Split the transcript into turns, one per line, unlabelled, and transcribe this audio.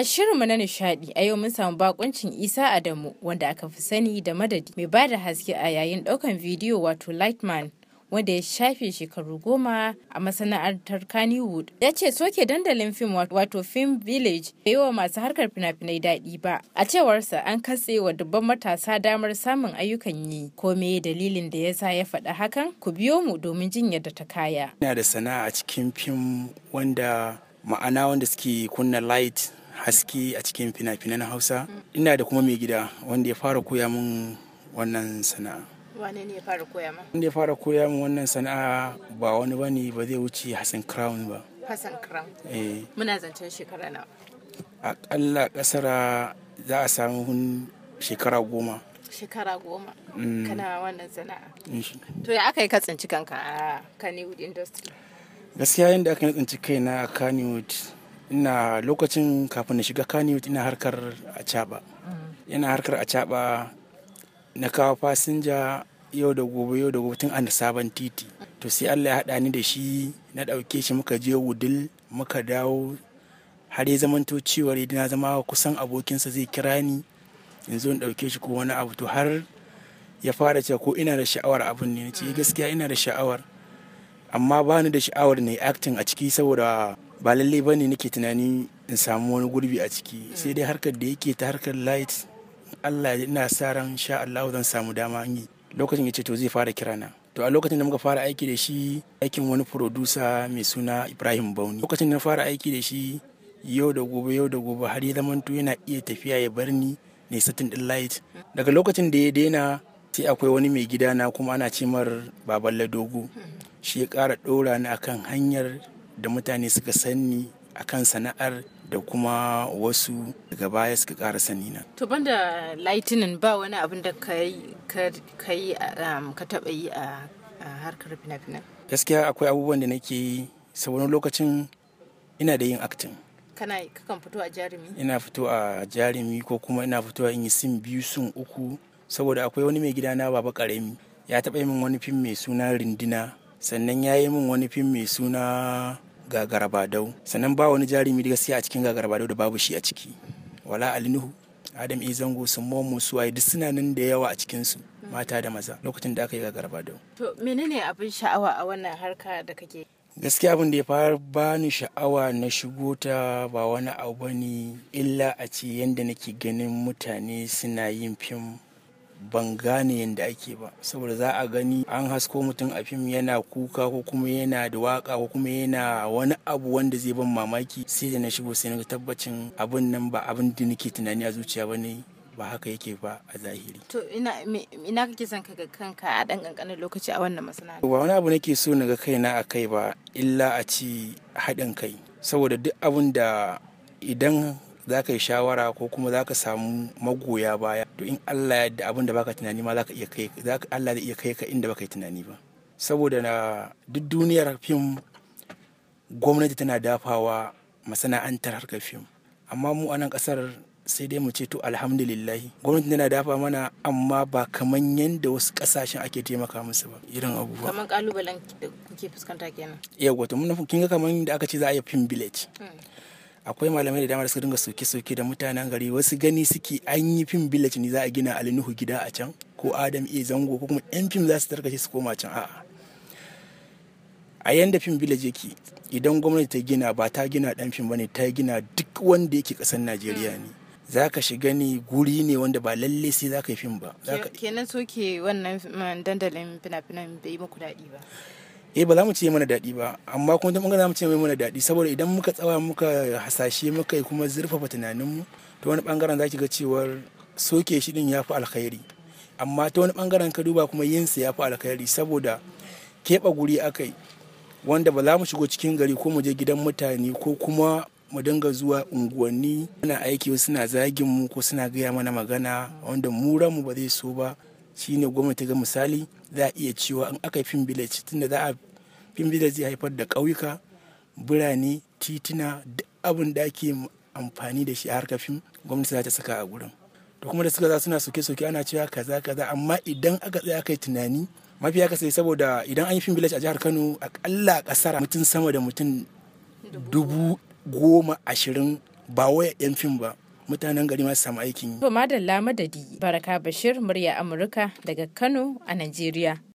A shirinmu na nishadi a yau mun samu bakuncin Isa Adamu wanda aka fi sani da madadi mai bada haske a yayin daukan bidiyo wato Lightman wanda ya shafe shekaru goma a masana'antar Kannywood. Ya ce soke dandalin fim wato Film Village bai wa masu harkar fina-finai daɗi ba. A cewarsa an katse wa dubban matasa damar samun ayyukan yi. Ko me dalilin da ya sa ya faɗa hakan? Ku biyo mu domin jin yadda ta kaya.
Ina da sana'a cikin fim wanda ma'ana wanda suke kunna light haske a cikin fina-finan hausa ina da kuma mai gida wanda ya fara koya min wannan sana'a
wane ne ya fara koya min
wanda ya fara koya min wannan sana'a ba wani bane ba zai wuce hassan crown ba hassan crown eh
muna zancen shekara nawa
akalla kasara za a samu shekara goma
shekara goma
mm. kana
wannan sana'a to ya aka yi ka tsinci kanka a kannywood industry
gaskiya yadda aka yi tsinci kaina a kannywood ina lokacin kafin na shiga kano ina harkar a caba ina harkar a caba na kawo fasinja yau da gobe yau da gobe tun an sabon titi to sai allah ya haɗa ni da shi na ɗauke shi muka je wudil muka dawo har ya zamanto cewar na zama kusan abokinsa zai kira ni in zo ɗauke shi ko wani abu to har ya fara cewa ko ina da sha'awar abin ne ce eh, gaskiya ina da sha'awar amma bani da sha'awar ne acting a ciki saboda ba lalle ba ne nake tunani in samu wani gurbi a ciki sai dai harkar da yake ta harkar light Allah ina sa ran sha Allah zan samu dama yi lokacin ya ce to zai fara kirana to a lokacin da muka fara aiki da shi aikin wani producer mai suna Ibrahim Bauni lokacin da na fara aiki da shi yau da gobe yau da gobe har ya zamanto yana iya tafiya ya bar ni ne satin din light daga lokacin da ya daina sai akwai wani mai gida na kuma ana cimar babal baban ladogo shi ya kara dora ni akan hanyar da mutane suka sani a kan sana'ar da kuma wasu daga baya suka kara sani na.
To da lightning ba wani abin da ka yi ka um, taɓa yi a harkar fina fina
Gaskiya akwai abubuwan da nake yi sau wani lokacin ina da yin acting.
Kana kakan fito a jarumi?
Ina fito a jarumi ko kuma ina fito in yi sin biyu sun uku saboda akwai wani mai gidana baba karami ya taɓa yi min wani fim mai suna rindina sannan ya yi min wani fim mai suna gagarabadau sannan ba wani jarumi gaskiya a cikin gagarabadau da babu shi a ciki wala alinuhu adam e zango sun momo suwaye duk suna nan da yawa a cikinsu mata da maza lokacin da aka yi gagarabadau
to menene abin sha'awa a wannan harka da kake
gaskiya abin da ya fara bani sha'awa na shigo ta ba wani abu ne illa a ce yadda nake ganin mutane suna yin fim ban gane yadda ake ba saboda za a gani an hasko mutum a fim yana kuka ko kuma yana da waka ko kuma yana wani abu wanda zai ban mamaki sai da na shigo sai na tabbacin abin nan ba abin da nake tunani a zuciya ba ne ba haka yake ba a zahiri.
To ina kake son ka ga kanka a dan kankanin lokaci a wannan masana'anta?
Ba wani abu nake so na ga kaina a kai ba illa a ci haɗin kai saboda duk abin da idan za ka yi shawara ko kuma za ka samu magoya baya to in Allah ya da abin da baka tunani ma za ka iya kai Allah zai iya kai ka inda baka tunani ba saboda na duk duniyar fim gwamnati tana dafawa masana'antar harkar fim amma mu a kasar sai dai mu ce to alhamdulillahi gwamnati tana dafa mana amma ba kaman yanda wasu kasashen ake taimaka musu ba irin abubuwa kaman
kalubalen da kuke fuskanta kenan
yawa to mun kinga kaman da aka ce za a yi film village hmm. akwai malamai da dama da suka dinga soke-soke da mutanen gari wasu gani suke an yi fim village ne za a gina alinuhu gida a can ko adam iya zango ko kuma yan fim za su tarkace su koma can a'a a yanda fim village yake idan gwamnati ta gina ba ta gina dan fim bane ta gina duk wanda yake kasan najeriya ne za ka shiga ne guri ne wanda ba lalle sai za ka yi fim ba
kenan soke wannan mm, dandalin fina-finan bai muku daɗi ba
eh ba za mu ce mana daɗi ba amma kuma don ɓangare za mu ce mana daɗi saboda idan muka tsawa muka hasashe muka yi kuma zurfafa tunaninmu ta wani ɓangaren za ki ga cewar soke shi din ya fi alkhairi amma ta wani ɓangaren ka duba kuma yinsa ya fi alkhairi saboda keɓe guri aka yi wanda ba za mu shigo cikin gari ko mu je gidan mutane ko kuma mu dinga zuwa unguwanni ana aiki suna zagin mu ko suna gaya mana magana wanda muran mu ba zai so ba shine gwamnati ga misali za a iya cewa an aka fin fim village tunda za a fim da zai haifar da ƙauyuka birane titina abin da ake amfani da shi a harkar fim gwamnati za ta saka a gurin da kuma da suka za suna soke-soke ana cewa kaza kaza amma idan aka tsaya kai tunani mafi aka sai saboda idan an yi fim village a jihar kano akalla a kasara mutum sama da mutum dubu goma ashirin ba waya yan fim ba mutanen gari masu samu aikin
yi. madalla madadi baraka bashir murya amurka daga kano a najeriya